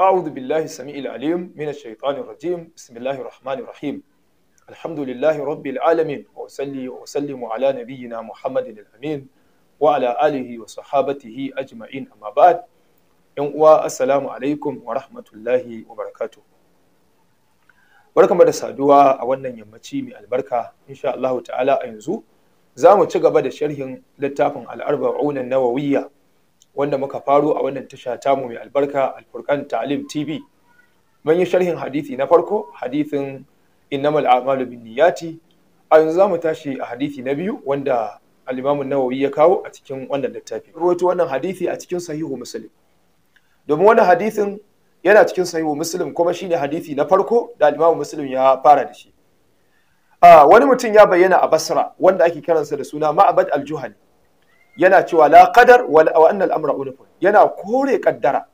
أعوذ بالله السميع العليم من الشيطان الرجيم بسم الله الرحمن الرحيم الحمد لله رب العالمين وأصلي وأسلم على نبينا محمد الأمين وعلى آله وصحابته أجمعين أما بعد uwa asalamu alaikum wa rahmatullahi wa barakatuh barkanmu da saduwa a wannan yammaci mai albarka insha Allah ta'ala a yanzu za mu ci gaba da sharhin littafin al'arba'un nawawiyya wanda muka faru a wannan tasha ta mu mai albarka alfurkan ta'alim tv mun yi sharhin hadisi na farko hadisin innamal a'malu binniyati a yanzu za mu tashi a hadisi na biyu wanda al-imamu nawawi ya kawo a cikin wannan littafi rawaito wannan hadisi a cikin sahihu muslim domin wannan hadisin yana cikin sahihu muslim kuma shine hadisi na farko da al-imamu muslim ya fara da shi A wani mutum ya bayyana a basra wanda ake kiransa da suna ma'abad al-juhani yana cewa la qadar wa anna amra yana kore kaddara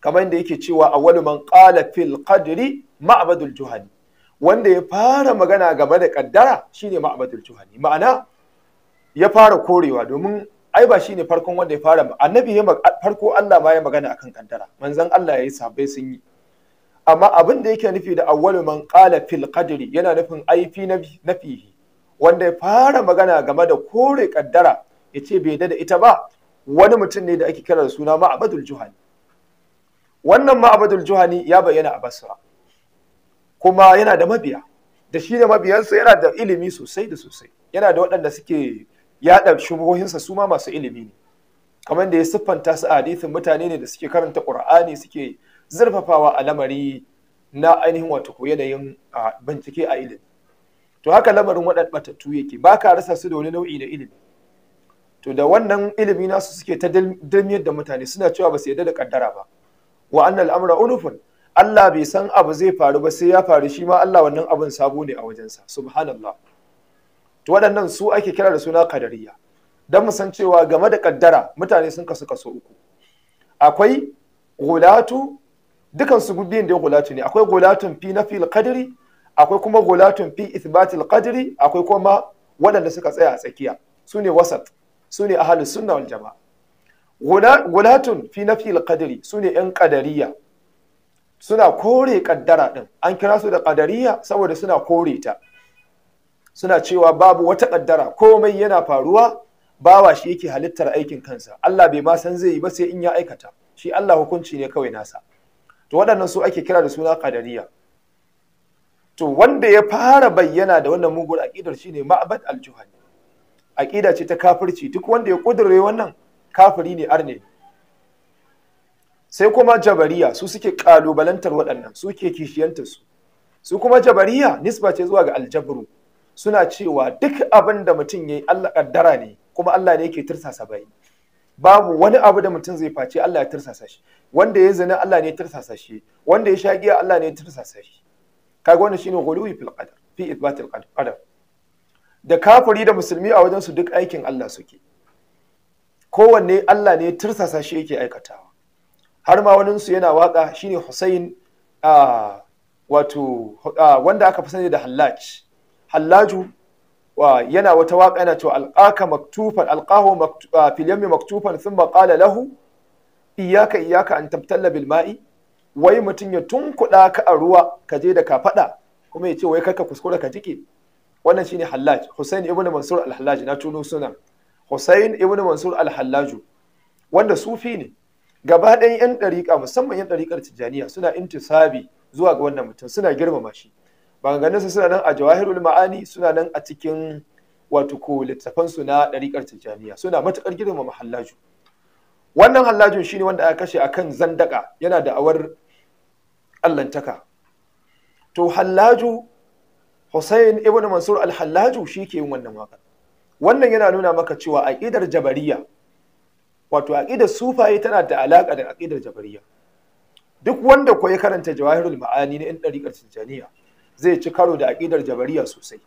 kamar yadda yake cewa awwalu man qala fil qadri ma'badul juhani wanda ya fara magana game da kaddara shine ma'badul juhani ma'ana ya fara korewa domin ai ba shine farkon wanda ya fara annabi ya farko Allah ma ya magana akan kaddara manzon Allah yayi sabai sun yi amma abin da yake nufi da awwalu man qala fil qadri yana nufin ai fi nafihi wanda ya fara magana game da kore kaddara Yace ce bai da ita ba wani mutum ne da ake kira da suna ma'abadul juhani wannan ma'abadul juhani ya bayyana a basra kuma yana da mabiya da shi da mabiyansa yana da ilimi sosai da sosai yana da waɗanda suke yaɗa shubuhohinsa su ma masu ilimi ne kamar da ya siffanta su a hadithin mutane ne da suke karanta qur'ani suke zurfafawa a lamari na ainihin wato yanayin bincike a ilimi to haka lamarin waɗanda batattu yake ba ka rasa su da wani nau'i na ilimi to da wannan ilimi nasu suke ta dalmiyar da mutane suna cewa ba su yarda da kaddara ba wa annal amra unufun Allah bai san abu zai faru ba sai ya faru shi ma Allah wannan abin sabo ne a wajensa subhanallah to waɗannan su ake kira da suna kadariya dan mu san cewa game da kaddara mutane sun kasu kaso uku akwai gulatu dukan su biyun da gulatu ne akwai gulatun fi nafil qadri akwai kuma gulatun fi ithbatil qadri akwai kuma waɗanda suka tsaya a tsakiya su ne wasat su ne ahalus sunna wal jama'a gulatun fi na fi alƙadari su ne yan ƙadariya suna kore ƙaddara ɗin an kira su da ƙadariya saboda suna kore ta suna cewa babu wata kaddara komai yana faruwa bawa shi yake halittar aikin kansa Allah bai ma san zai yi ba sai in ya aikata shi Allah hukunci ne kawai nasa to waɗannan su ake kira da suna ƙadariya to wanda ya fara bayyana da wannan mugun aƙidar shine Ma'bad al-Juhani aƙida ce ta kafirci duk wanda ya ƙudure wannan kafiri ne arne sai kuma jabariya su suke ƙalubalantar waɗannan su ke kishiyantar su su kuma jabariya nisba ce zuwa ga aljabru suna cewa duk abin da mutum ya yi Allah ƙaddara ne kuma Allah ne yake tirsasa bai babu wani abu da mutum zai face Allah ya tirsasa shi wanda ya zina Allah ne ya tirsasa shi wanda ya sha giya Allah ne ya tirsasa shi kaga wannan shine ghuluwi fil qadar fi ithbatil qadar da kafiri da musulmi a su duk aikin Allah suke kowanne Allah ne tursasa shi yake aikatawa har ma waninsu yana waka shine Hussein a wato wanda aka fi sani da Hallaj Hallaju yana wata waka yana to alqaka maktufan alqahu fil maktufan thumma qala lahu iyyaka iyyaka an tabtalla bil ma'i wai mutum ya tunkuɗaka ka a ruwa ka je da ka faɗa kuma ya ce wai karka kuskura ka jike wannan shine hallaj Hussein ibn Mansur al-Hallaj na tuno sunan Hussein ibn Mansur al-Hallaj wanda sufi ne gaba ɗayan yan ɗariƙa musamman yan ɗariƙar Tijjaniya suna intisabi zuwa ga wannan mutum suna girmama shi maganganunsa suna nan a Jawahirul Ma'ani suna nan a cikin wato ko su na ɗariƙar Tijjaniya suna matuƙar girmama Hallaju wannan hallajin shine wanda aka kashe akan zandaka yana da awar allantaka to hallaju Hussein ibn Mansur al-Hallaju shi ke yin wannan waka wannan yana nuna maka cewa aƙidar jabariya wato aƙidar sufaye tana da alaƙa da aƙidar jabariya duk wanda ko ya karanta jawahirul ma'ani na 'yan ɗariƙar tijjaniya zai ci karo da aƙidar jabariya sosai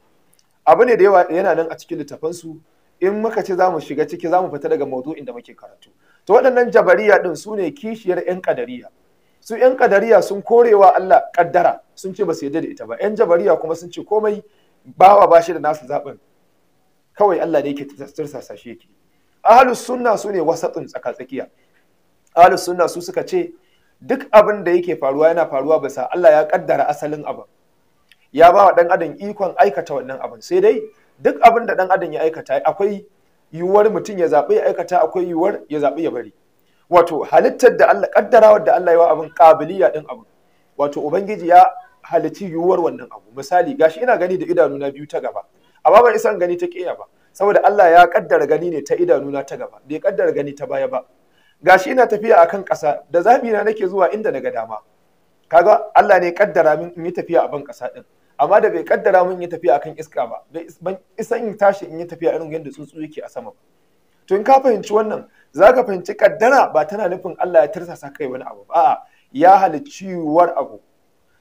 abu ne da yawa yana nan a cikin littafansu in muka ce za mu shiga ciki za mu fita daga maudu'in da muke karatu to waɗannan jabariya ɗin su ne kishiyar 'yan ƙadariya su yan kadariya sun korewa Allah kaddara sun ce ba su yarda da ita ba yan jabariya kuma sun ce komai bawa ba shi da nasu zaɓin kawai Allah ne yake tirsasa sashe yake ahlus sunna su ne wasatun tsaka tsakiya ahlus sunna su suka ce duk abin da yake faruwa yana faruwa bisa Allah ya kaddara asalin abin ya ba wa dan adam ikon aikata wannan abin sai dai duk abin da dan adam ya aikata akwai yiwuwar mutum ya zaɓi ya aikata akwai yiwuwar ya zaɓi ya bari wato halittar da Allah kaddarawar da Allah ya wa abin kabiliya din abu wato ubangiji ya halitti yiwuwar wannan abu misali gashi ina gani da idanu na biyu ta gaba amma ban isan gani ta kiya ba saboda Allah ya kaddara gani ne ta idanu na ta gaba bai kaddara gani ta baya ba gashi ina tafiya akan ƙasa da zabi na nake zuwa inda na ga dama kaga Allah ne kaddara min in yi tafiya a ban ƙasa din amma da bai kaddara min in yi tafiya akan iska ba ban isan in tashi in yi tafiya irin yadda tsuntsu yake a sama ba Tun ka fahimci wannan za ka fahimci kaddara ba tana nufin Allah ya tarsasa kai wani abu a'a ya halicci yiwuwar abu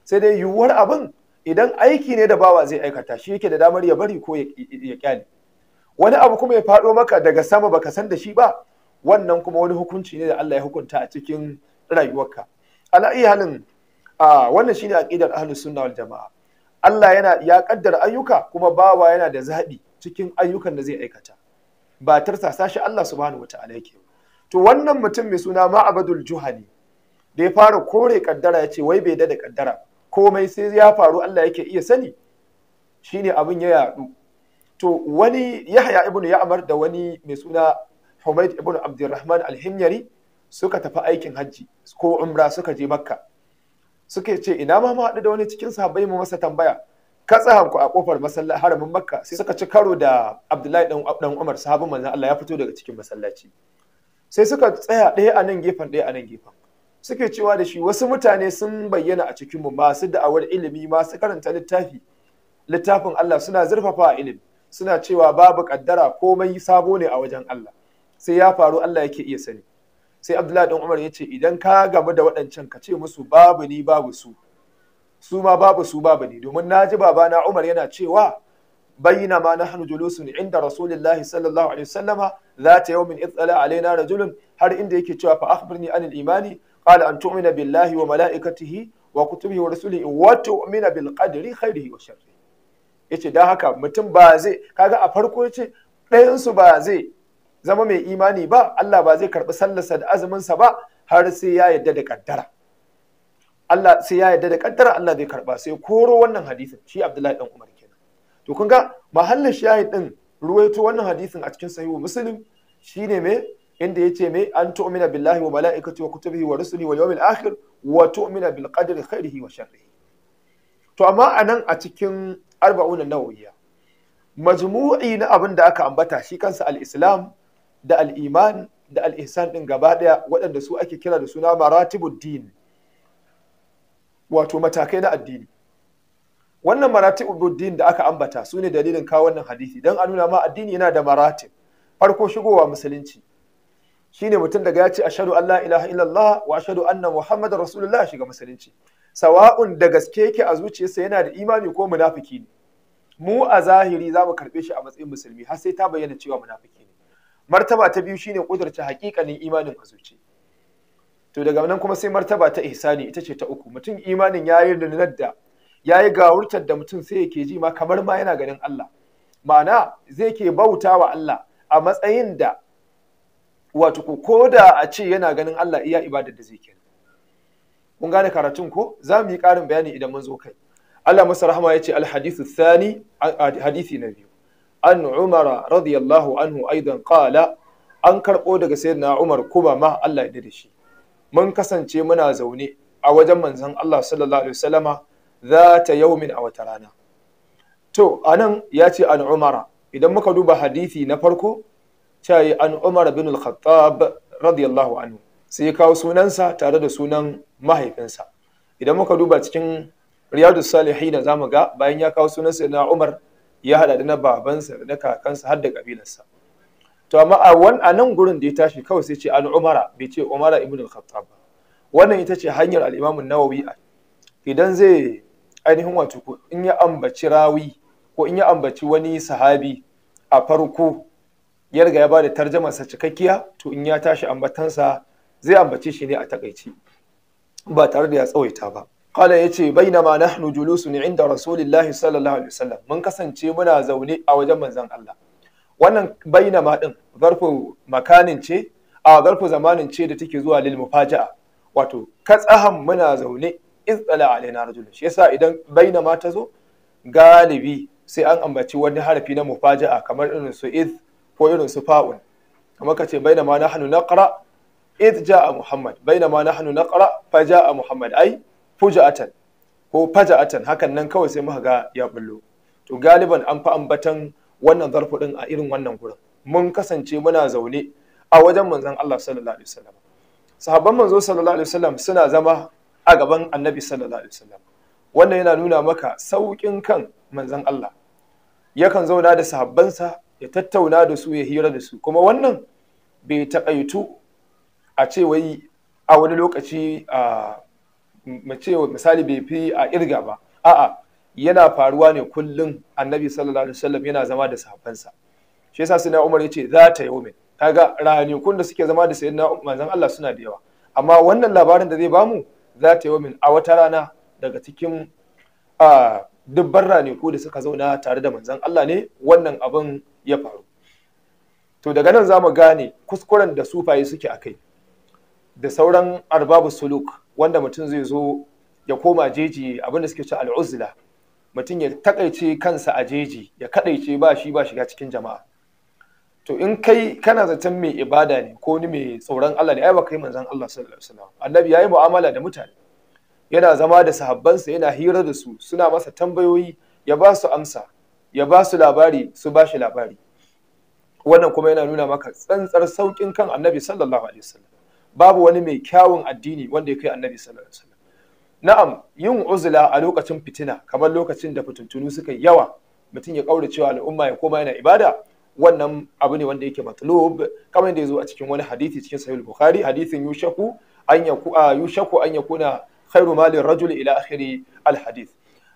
sai dai yiwuwar abin idan aiki ne da bawa zai aikata shi yake da damar ya bari ko ya kyale wani abu kuma ya faɗo maka daga sama baka san da shi ba wannan kuma wani hukunci ne da Allah ya hukunta a cikin rayuwarka ala iya halin a wannan shine aqidar ahlus sunna wal jamaa Allah yana ya kaddara ayyuka kuma bawa yana da zaɓi cikin ayyukan da zai aikata ba tarsasa shi Allah subhanahu wataala yake to wannan mutum mai suna ma'abadul juhani da ya fara kore kaddara ya ce wai bai da kaddara komai sai ya faru Allah yake iya sani shine abin ya yaɗu. to wani Yahya ibn Ya'mar da wani mai suna Humayd ibn Abdurrahman al-Himyari suka tafi aikin hajji ko umra suka je Makka Suke ce ina ma mu haɗu da wani cikin sahabbai mu masa tambaya katsahanku a kofar masallaci haramin makka sai suka ci karo da abdullahi dan umar sahabin manzon Allah ya fito daga cikin masallaci sai suka tsaya ɗaya a nan gefen ɗaya a nan gefen suke cewa da shi wasu mutane sun bayyana a cikin mu masu da'awar ilimi masu karanta littafi littafin Allah suna zurfafa ilimi suna cewa babu kaddara komai sabo ne a wajen Allah sai ya faru Allah yake iya sani sai Abdullahi dan Umar ya ce idan ka gamu da waɗancan ka ce musu babu ni babu su su ma babu su babu ne domin na ji babana Umar yana cewa bayyana ma nahnu julusun inda rasulullahi sallallahu alaihi wasallama zata yawmin itsala alaina rajulun har inda yake cewa fa akhbirni anil imani qala an tu'mina billahi wa malaikatihi wa kutubihi wa rusulihi wa tu'mina bil qadri khairihi wa sharrihi yace dan haka mutum ba zai kaga a farko yace ɗayan su ba zai zama mai imani ba Allah ba zai karbi sallarsa da azumin sa ba har sai ya yadda da kaddara Allah sai ya yarda da kaddara Allah zai karba sai koro wannan hadisin shi Abdullahi dan Umar kenan to kun ga mahallin shahid din ruwaito wannan hadisin a cikin sahihu muslim shine me inda yace me an tu'mina billahi wa malaikati wa kutubihi wa rusuli wa yawmil akhir wa tu'mina bil qadri khairihi wa sharrihi to amma anan a cikin arba'una nawawiyya majmu'i na abin da aka ambata shi kansa al-islam da al-iman da al-ihsan din gaba daya waɗanda su ake kira da suna maratibuddin din wato matakai na addini wannan maratibul din da aka ambata su ne dalilin kawo wannan hadisi Don a nuna ma addini yana da maratib farko shigowa musulunci shine mutum daga ya ce ashhadu Allah la ilaha illallah wa ashhadu anna Muhammadu rasulullah shiga musulunci sawa'un da gaske yake a zuciyarsa yana da imani ko munafiki ne mu a zahiri za mu karɓe shi a matsayin musulmi har sai ta bayyana cewa munafiki ne martaba ta biyu shine kudurta haƙiƙanin imanin a zuciya to daga nan kuma sai martaba ta ihsani ita ce ta uku mutum imanin ya yi rinar da ya yi gawurtar da mutum sai yake ji ma kamar ma yana ganin Allah ma'ana zai ke bauta wa Allah a matsayin da wato ko da a ce yana ganin Allah iya ibadar da zai kenan kun gane karatun ko za mu yi karin bayani idan mun zo kai Allah masa rahama ya ce hadithu thani hadisi na biyu an umara radiyallahu anhu aidan qala an karɓo daga sayyidina umar kuma ma Allah ya da shi mun kasance muna zaune a wajen manzon Allah sallallahu alaihi wasallama za ta yaumin a wata rana to anan ya ce an umara idan muka duba hadithi na farko yi an umar bin al-khattab radiyallahu anhu sai kawo sunansa tare da sunan mahaifinsa idan muka duba cikin riyadu salihin za mu ga bayan ya kawo sunansa na umar ya hada da na babansa da kakansa har da kabilarsa to amma a nan gurin da ya tashi kawai sai ce an umara bai ce umara ibn al-khattab ba wannan ita ce hanyar al-imam an-nawawi idan zai ainihin wato ko in ya ambaci rawi ko in ya ambaci wani sahabi a farko ya riga ya bada tarjamar sa cikakkiya to in ya tashi ambatansa zai ambace shi ne a takaici ba tare da ya tsawaita ba قال يتي بينما نحن جلوس عند رسول الله صلى الله عليه وسلم من kasance muna زوني a wajen manzon Allah wannan bayyana ma din zarfin makanin ce a zarfu zamanin ce da take zuwa lil mufaja'a wato katsahan muna zaune izala alaina rajulun shi yasa idan bayyana ma ta zo galibi sai an ambaci wani harafi na mufaja'a kamar irin su iz ko irin su fa'un kamar ka ce bayyana ma nahnu naqra iz ja'a muhammad bayyana ma nahnu naqra fa ja'a muhammad ai fuja'atan ko faja'atan hakan nan kawai sai muka ga ya bullo to galiban an fi ambatan wannan zarfudin ɗin a irin wannan gurin mun kasance muna zaune a wajen manzon Allah sallallahu alaihi wasallam sahabban manzo sallallahu alaihi wasallam suna zama a gaban annabi sallallahu alaihi wasallam wannan yana nuna maka saukin kan manzon Allah yakan zauna da sahabbansa ya tattauna da su ya hira da su kuma wannan bai takaitu a ce wai a wani lokaci a mace misali bai fi a irga ba a'a yana faruwa ne kullum annabi sallallahu alaihi wasallam yana zama da sahabbansa shi yasa sayyidina Umar yace za ta yaumin kaga ranakun da suke zama da sayyidina manzon Allah suna da yawa amma wannan labarin da zai bamu za ta yaumin a wata rana daga cikin dubban ranaku da suka zauna tare da manzon Allah ne wannan abin ya faru to daga nan zamu gane kuskuren da sufaye suke akai da sauran arbabu suluk wanda mutum zai zo ya koma jeji abinda suke ce al'uzla mutum ya takaice kansa a jeji ya kadaice ba shi ba shiga cikin jama'a to in kai kana zaton mai ibada ne ko ni mai tsoron Allah ne ai ba kai manzon Allah sallallahu alaihi wasallam annabi yayi mu'amala da mutane yana zama da sahabbansa yana hira da su suna masa tambayoyi ya ba su amsa ya ba su labari su ba shi labari wannan kuma yana nuna maka tsantsar saukin kan annabi sallallahu alaihi wasallam babu wani mai kyawun addini wanda ya kai annabi sallallahu alaihi wasallam na'am yin uzula a lokacin fitina kamar lokacin da fitintunu suka yi yawa mutum ya kaura cewa al'umma ya koma yana ibada wannan abu ne wanda yake matlub kamar da yazo a cikin wani hadisi cikin sahih bukhari hadisin yushaku an yaku yushaku an kuna khairu malin rajul ila akhiri al hadith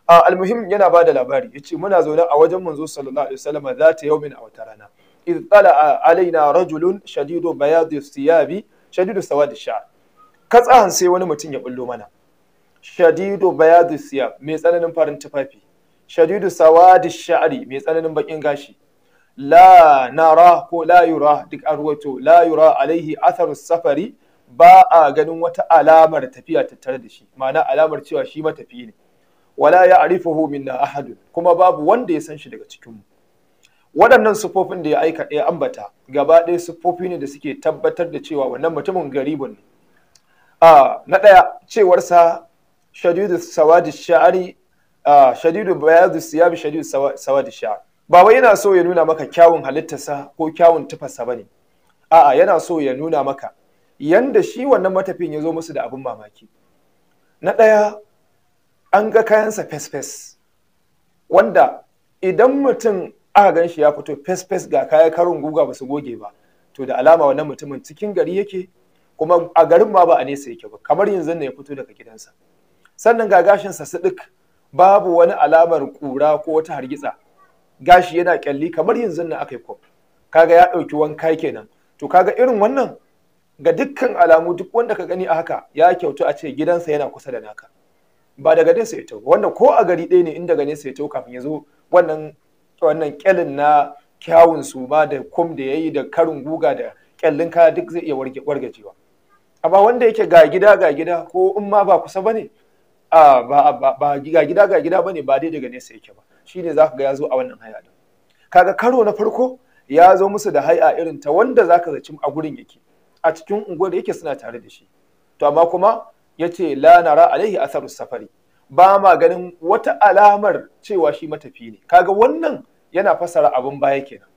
al al-muhim yana ba da labari yace muna zaune a wajen manzo sallallahu alaihi wasallam zata yaumin a wata rana Iz tala alaina rajulun shadidu bayadi siyabi shadidu sawadi sha'r katsahan sai wani mutum ya bullo mana shadidu bayadu siya mai tsananin farin tufafi shadidu sawadi sha'ari mai tsananin bakin gashi la nara ko la yura duk an ruwato la yura alaihi atharu safari ba a ganin wata alamar tafiya tattare da shi ma'ana alamar cewa shi matafiyi ne wala ya arifahu minna ahadun kuma babu wanda ya san shi daga cikin mu waɗannan sufofin da ya aika ya ambata gaba ɗaya sufofi ne da suke tabbatar da cewa wannan mutumin garibin ne ah, na ɗaya cewarsa shadidu sawadi sha'ari shadidu bayadu siyabi shadidu sawadi sha'ari ba wai yana so ya nuna maka kyawun halittarsa ko kyawun tufarsa bane a'a yana so ya nuna maka yanda shi wannan matafin ya zo musu da abin mamaki na ɗaya an ga kayansa fesfes wanda idan mutum aka gan shi ya fito fesfes ga kaya karin guga ba su goge ba to da alama wannan mutumin cikin gari yake kuma a garin ma ba a nesa yake ba kamar yanzu ne ya fito daga gidansa sannan ga gashinsa sidik babu wani alamar ƙura ko wata hargitsa gashi yana kyalli kamar yanzu nan aka yi kwaf kaga ya ɗauki wanka kenan to kaga irin wannan ga dukkan alamu duk wanda ka gani a haka ya kyautu a ce gidansa yana kusa da naka ba daga nesa ya tau wanda ko a gari ɗaya ne in daga nesa ya tau kafin ya zo wannan wannan kyalin na kyawun su ma da kum da yayi da karin guga da kyallin kaya duk zai iya wargajewa amma wanda yake ga gida ga gida ko in ma ba kusa bane a ba ga gida ga gida bane ba dai daga nesa yake ba Shi shine zaka ga ya zo a wannan haya din kaga karo na farko ya zo musu da haya irin ta wanda zaka zaci a gurin yake a cikin unguwar da yake suna tare da shi to amma kuma yace la nara alaihi atharu safari ba ma ganin wata alamar cewa shi matafi ne kaga wannan yana fasara abin baya kenan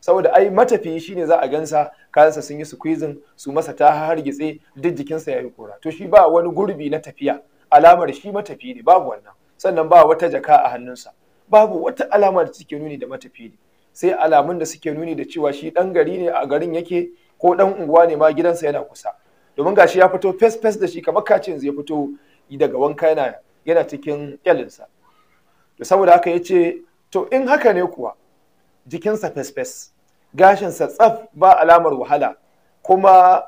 saboda ai matafiyi ne za a gansa kayansa sun yi kwizin su masa ta hargitse duk jikinsa ya yi kora to shi ba wani gurbi na tafiya alamar shi matafi ne babu wannan sannan ba wata jaka a hannunsa babu wata alama da suke nuni da matafi ne sai alamun da suke nuni da cewa shi dan gari ne a garin yake ko dan unguwa ne ma gidansa yana kusa domin gashi ya fito fes fes da shi kamar kacin zai fito daga wanka yana yana cikin kyalinsa to saboda haka ya ce to in haka ne kuwa jikinsa fes fes gashinsa tsaf ba alamar wahala kuma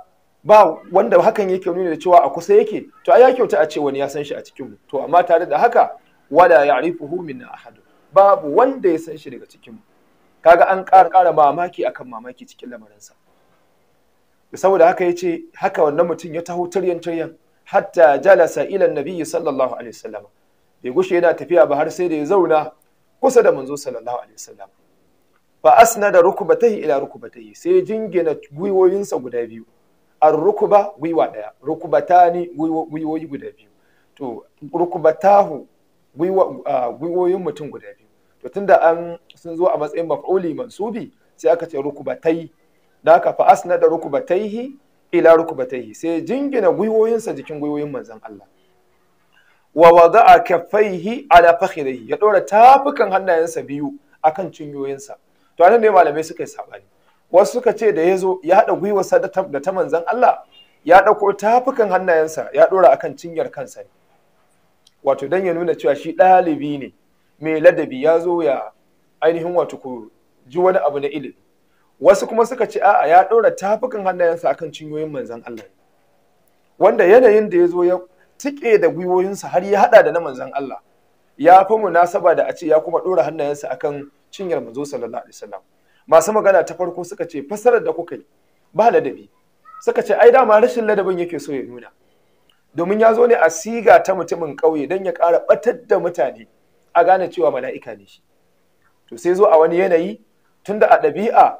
ba wanda hakan yake nuna da cewa a kusa yake to a ya kyauta a ce wani ya san shi a cikin mu to amma tare da haka wala ya'rifuhu na ahad babu wanda ya san shi daga cikin mu kaga an ƙara ƙara mamaki akan mamaki cikin lamarinsa saboda haka ya ce, haka wannan mutum ya taho tiryan tiryan hatta jalasa ila nabiyyi sallallahu alaihi wasallam bai gushe yana tafiya ba har sai da ya zauna kusa da manzo sallallahu alaihi wasallam fa asnada rukbatahi ila rukbatahi sai jingina gwiwoyinsa guda biyu ar ɗaya gwiwa daya ni gwiwoyi guda biyu to gwiwoyin mutum guda biyu to tunda an sun zo a matsayin maf'uli mansubi sai aka ce rukubatai da aka fa asnada rukubataihi ila rukubataihi sai jingina gwiwoyinsa jikin gwiwoyin manzon Allah wa wada'a kaffaihi ala fakhirihi ya dora tafukan hannayensa biyu akan cinyoyinsa to anan ne malamai suka yi sabani wasu suka ce da ya zo ya haɗa gwiwarsa da ta manzan Allah ya ɗauko tafukan hannayensa ya ɗora akan cinyar kansa ne wato don ya nuna cewa shi ɗalibi ne mai ladabi ya zo ya ainihin wato ku ji wani abu na ilimi wasu kuma suka ce a'a ya ɗora tafukan hannayensa akan cinyoyin manzan Allah wanda yanayin da ya zo ya tike da gwiwoyinsa har ya haɗa da na manzan Allah ya fi munasaba da a ce ya kuma ɗora hannayensa akan cinyar manzo sallallahu alaihi wasallam masu magana ta farko suka ce fassarar da kuka yi ba ladabi suka ce ai dama rashin ladabin yake so ya nuna domin ya zo ne a siga ta mutumin ƙauye don ya ƙara ɓatar da mutane a gane cewa mala'ika ne shi to sai zo a wani yanayi tunda a ɗabi'a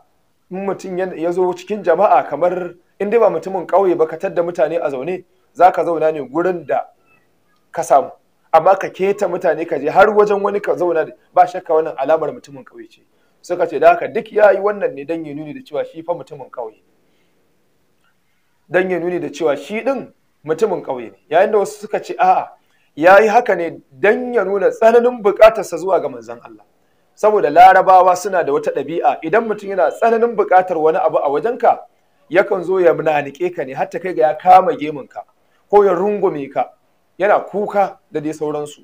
in mutum ya zo cikin jama'a kamar in dai ba mutumin ƙauye ba ka da mutane a zaune za ka zauna ne gurin da ka samu amma ka keta mutane ka je har wajen wani ka zauna ba shakka wannan alamar mutumin ƙauye ce suka ce da haka duk ya yi wannan ne dan ya nuni da cewa shi fa mutumin ƙauye dan ya nuni da cewa shi din mutumin ƙauye ne yayin da wasu suka ce a'a ya yi haka ne dan ya nuna tsananin buƙatarsa zuwa ga manzon Allah saboda larabawa suna da wata ɗabi'a idan mutum yana tsananin buƙatar wani abu a ka, yakan zo ya nanike ka ne har ta kai ga ya kama geminka ko ya rungume ka yana kuka da dai sauransu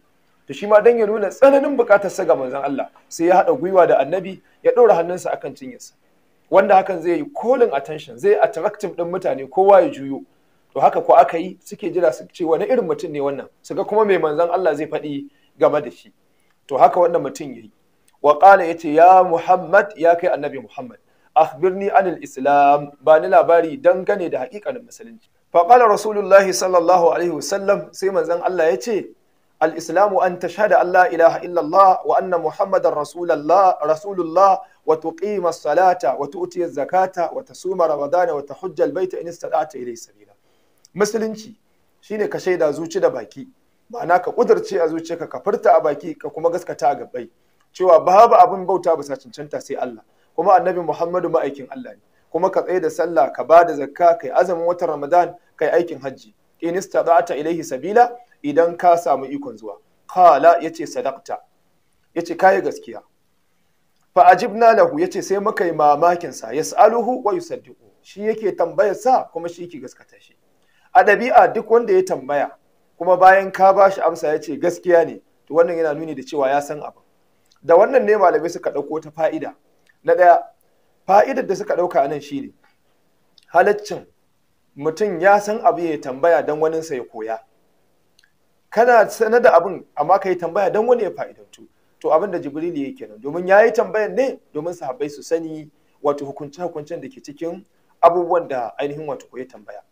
to shi ma dan ya nuna tsananin bukatar sa ga manzon Allah sai ya haɗa gwiwa da annabi ya dora hannunsa akan cinyarsa wanda hakan zai yi kolin attention zai attractive ɗin mutane kowa ya juyo to haka ko aka yi suke jira su ce wani irin mutum ne wannan su ga kuma mai manzan Allah zai faɗi game da shi to haka wannan mutum ya yi. wa ya ce ya muhammad ya kai annabi muhammad akhbirni anil islam ba ni labari dangane da hakikanin musulunci fa rasulullahi sallallahu alaihi wasallam sai manzon Allah ya ce. الإسلام أن تشهد أن لا إله إلا الله وأن محمد رسول الله رسول الله وتقيم الصلاة وتؤتي الزكاة وتصوم رمضان وتحج البيت إن استطعت إليه سبيلا musulunci shine ka shaida zuci da baki ma'ana ka kudurce a zuciyarka ka furta a baki ka kuma gaskata a gabbai cewa babu abin bauta bisa cancanta sai Allah kuma annabi Muhammadu ma'aikin Allah ne kuma ka tsaye da sallah ka ba da zakka kai azumin watan Ramadan kai aikin hajji in ilaihi sabila idan ka samu ikon zuwa ce yace ya yace Kayi gaskiya Fa'ajib na lahu yace sai maka yi mamakin sa yasaluhu wa yusaddiqu shi yake tambayar sa kuma shi yake gaskata shi a ɗabi'a duk wanda ya tambaya kuma bayan ka ba shi amsa yace gaskiya ne to wannan yana nuni da cewa ya san abu da wannan ne malamai suka ɗauko ta fa'ida na ɗaya fa'idar da suka ɗauka nan shi ne. halaccin mutum ya san abu ya tambaya don waninsa ya koya kana sanar da abin amma ka yi tambaya don wani ya fa'idantu to abin da jibrilu ya ke kenan domin ya yi tambayan ne domin sahabbai su sani wato hukunce-hukuncen da ke cikin abubuwan da ainihin wato ko ya tambaya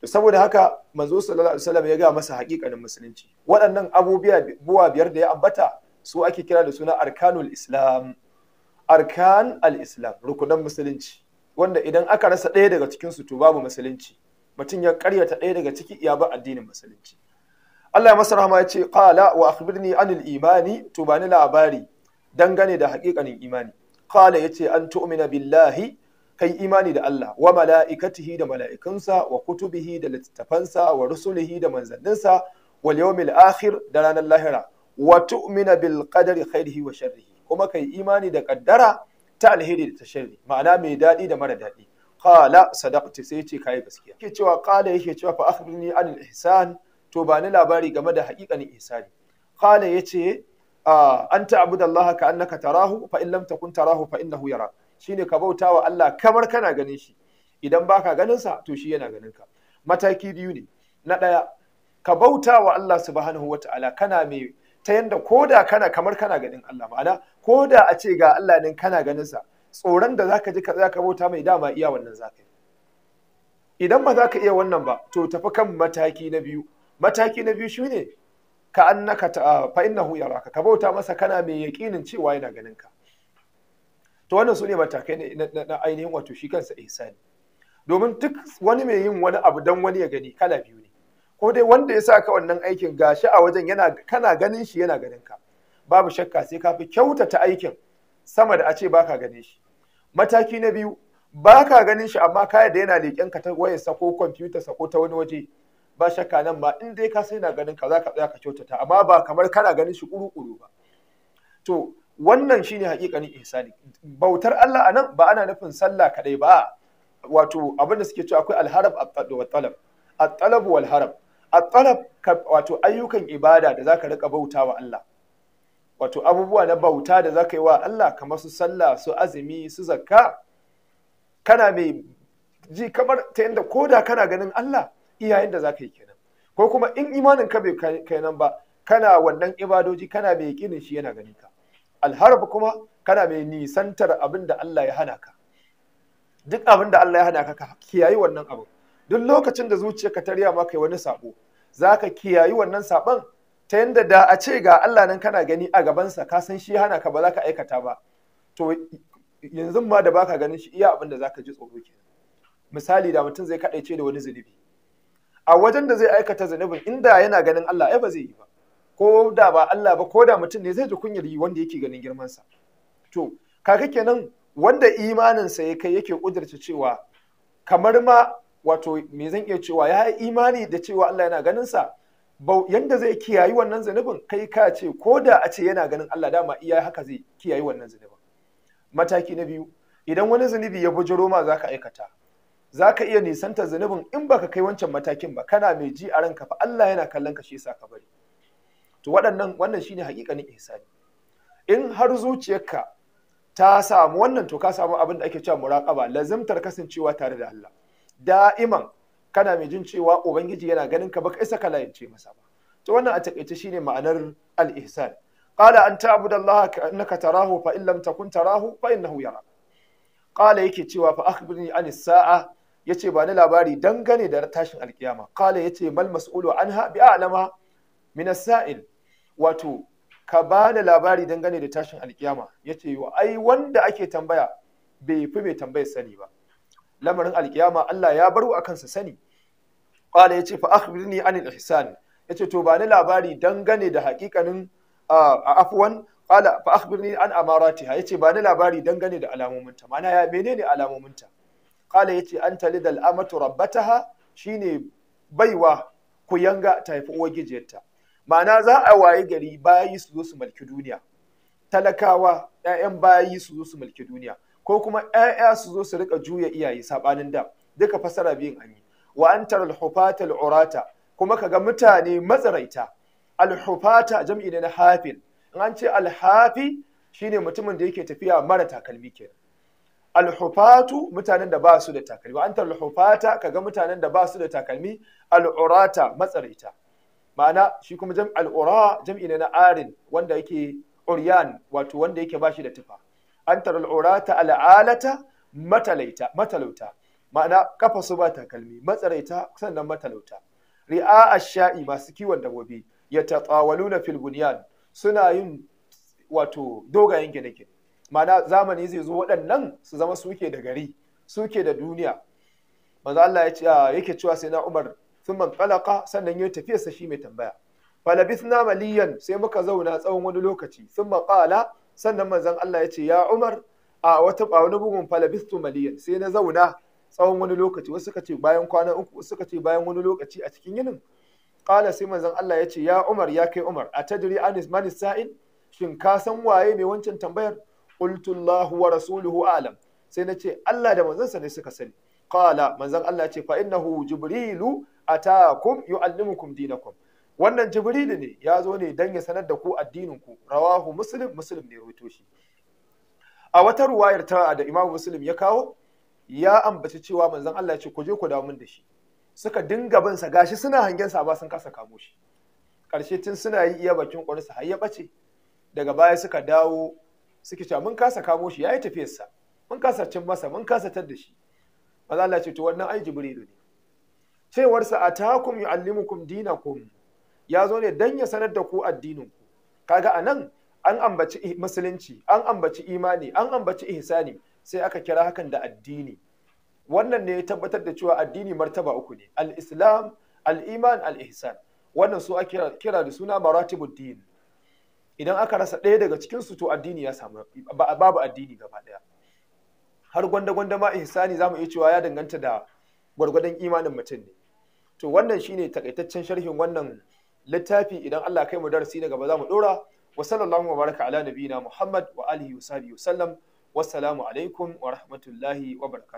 to saboda haka manzo sallallahu alaihi wasallam ya ga masa hakikanin musulunci waɗannan abubuwa biyar da ya ambata su ake kira da suna arkanul islam arkan al-islam rukunan musulunci wanda idan aka rasa ɗaya daga cikin su to babu musulunci mutum ya karyata ɗaya daga ciki iya ba addinin musulunci Allah ya masa rahama ya ce qala wa akhbirni anil imani to bani labari dangane da haƙiƙanin imani qala yace an tu'mina billahi kai imani da Allah wa mala'ikatihi da mala'ikansa, wa kutubihi da littattafansa wa rusulihi da manzanninsa wal yawmil akhir da ranar lahira wa tu'mina bil qadari khairihi wa sharrihi kuma kai imani da kaddara ta alheri da ta sharri ma'ana mai daɗi da mara daɗi qala sadaqti sai ce kai gaskiya yake cewa qala yake cewa fa akhbirni anil ihsan to ba ni labari game da ne kala qala ce an ta'budu Allah ka annaka tarahu fa in lam takun tarahu fa innahu yara shine ka bauta wa Allah kamar kana ganin shi idan baka ganin sa to shi yana ganin ka mataki biyu ne na ɗaya ka bauta wa Allah subhanahu wata'ala kana mai ta yanda koda kana kamar kana ganin Allah ma'ana koda a ce ga Allah nan kana ganin sa tsoron da zaka ji ka zaka bauta mai dama iya wannan zaka idan ba za ka iya wannan ba to tafi kan mataki na biyu mataki na biyu shine ka annaka ta ah, fa innahu yaraka ka bauta masa kana mai yakinin cewa yana ganin ka to wannan su ne matakai na ainihin wato shi kansa ihsani domin duk wani mai yin wani abu dan wani ya gani kala biyu ne ko dai wanda ya sa ka wannan aikin gashi a wajen yana kana ganin shi yana ganin ka babu shakka sai ka fi kyautata aikin sama da a ce baka ganin shi mataki na biyu baka ganin shi amma ka da yana leƙen ka ta wayarsa ko kwamfutarsa ko ta wani waje ba shakka nan ba in dai ka sai na ganin ka za ka tsaya ka kyautata amma ba kamar kana ganin shi kuru-kuru ba to wannan shine hakikanin ihsani bautar Allah anan ba ana nufin sallah kaɗai ba wato abinda suke cewa akwai alharab wa talab at-talab wal harab at-talab wato ayyukan ibada da zaka rika wa Allah wato abubuwa na bauta da zaka yi wa Allah kamar su sallah su azumi su zakka kana mai ji kamar ta ko da kana ganin Allah iya yadda za ka yi kenan ko kuma in imanin ka bai kai nan ba kana wannan ibadoji kana mai yakinin shi yana ganin ka alharb kuma kana mai nisantar abin da Allah ya hana ka duk abin da Allah ya hana ka ka kiyayi wannan abin duk lokacin da zuciya ka tarya maka wani sabo ka kiyayi wannan sabon ta yadda da a ce ga Allah nan kana gani a gabansa ka san shi hana ka ba za ka aikata ba to yanzu ma da baka ganin shi iya abin da zaka ji tsoro kenan misali da mutum zai kaɗaice da wani zunubi a wajen da zai aikata zanubin inda yana ganin Allah ai ba zai yi ba ko da ba Allah ba ko da mutum ne zai ji kunyar yi wanda yake ganin girman sa. to kaka kenan wanda imaninsa ya kai yake kudurta cewa kamar ma wato me zan iya cewa ya yi imani da cewa Allah yana ganin sa yanda zai kiyayi wannan zanubin kai ka ce ko da a ce yana ganin Allah dama iya haka zai kiyayi wannan zanubin mataki na biyu idan wani zunubi ya bujuro ma zaka aikata za ka iya nisanta zunubin in baka kai wancan matakin ba kana mai ji a ranka fa Allah yana kallon ka shi yasa ka bari to waɗannan wannan shine haƙiƙanin ihsani in har zuciyarka ta samu wannan to ka samu abin da ake cewa muraqaba lazimtar kasancewa tare da Allah da'iman kana mai jin cewa ubangiji yana ganin ka baka isa ka layince masa ba to wannan a takaice shine ma'anar al-ihsan qala an ta'budu Allah annaka tarahu fa in lam takun tarahu fa innahu yara qala yake cewa fa akhbirni anis sa'a yace ba ni labari dangane da tashin alkiyama qala yace mal mas'ulu anha bi a'lama min as-sa'il wato ka ba labari dangane da tashin alkiyama yace wa ai wanda ake tambaya bai fi mai tambayar sani ba lamarin alkiyama Allah ya baro akan sa sani qala yace fa akhbirni anil ihsan yace to ba ni labari dangane da hakikanin afwan qala fa akhbirni an amaratiha yace ba ni labari dangane da alamominta mana ya menene alamominta kala ya ce an tali da amatu rabbataha ne baiwa ku yanga ta haifi uwagijiyarta ma'ana za a waye gari bayi su zo su mulki duniya talakawa 'ya'yan bayi su zo su mulki duniya ko kuma 'ya'ya su zo su rika juya iyaye saɓanin da duka fasara biyun an yi wa al-hufata al Kuma kuma kaga mutane matsaraita alhufata jam'i ne na hafin an ce Alhafi shine mutumin da yake tafiya mara takalmi kenan alhufatu mutanen da ba su da takalmi wa alhufata kaga mutanen da ba su da takalmi al'urata matsaraita ma'ana shi kuma jam al'ura jam'i ne na arin wanda yake uryan wato wanda yake bashi da tufa antar al'urata al'alata matalaita matalauta ma'ana kafa su ba takalmi matsaraita sannan matalauta ri'a asha'i shai masu kiwon dabbobi yatatawaluna fil bunyan suna yin wato dogayen gine-gine mana zamani zai zo waɗannan su zama suke da gari suke da duniya manzo Allah ya ce yake cewa sai na Umar thumma talaqa sannan ya tafi sa shi mai tambaya falabithna maliyan sai muka zauna tsawon wani lokaci thumma qala sannan manzon Allah ya ce ya Umar a wata a wani bugun maliyan sai na zauna tsawon wani lokaci wasu suka ce bayan kwana uku wasu suka ce bayan wani lokaci a cikin yinin Ƙala sai manzon Allah ya ce ya Umar ya kai Umar A atadri anis manis Sa'in shin ka san waye mai wancan tambayar qultu wa rasuluhu alam sai na ce Allah da manzansa ne suka sani qala manzan Allah ce fa innahu jibrilu atakum yuallimukum dinakum wannan jibrilu ne ya zo ne dan ya sanar da ku addinin ku rawahu muslim muslim ne rawaito shi a wata ruwayar ta da imamu muslim ya kawo ya ambaci cewa manzan Allah ce ku je ku dawo min da shi suka dinga bin sa gashi suna hangen sa ba sun kasa kamo shi karshe tun suna yi iya bakin ƙwarinsa har ya ɓace daga baya suka dawo suke cewa mun kasa kamo shi yayi tafiyarsa mun kasa cin masa mun kasa tar da shi maza Allah ce to wannan ai jibrilu ne cewar sa atakum yuallimukum dinakum ya zo ne dan ya sanar da ku addinin ku kaga anan an ambaci musulunci an ambaci imani an ambaci ihsani sai aka kira hakan da addini wannan ne ya tabbatar da cewa addini martaba uku ne al-islam al-iman al-ihsan wannan su ake kira da suna maratibuddin idan aka rasa ɗaya daga cikin su to addini ya samu babu addini gaba ɗaya har gwanda gwanda ma ihsani zamu iya cewa ya danganta da gwargwadon imanin mutum ne to wannan shine takaitaccen sharhin wannan littafi idan Allah kai mu darasi daga gaba za mu dora wa sallallahu baraka ala nabiyina Muhammad wa alihi wa sahbihi wa sallam wassalamu alaikum wa rahmatullahi wa barakatuh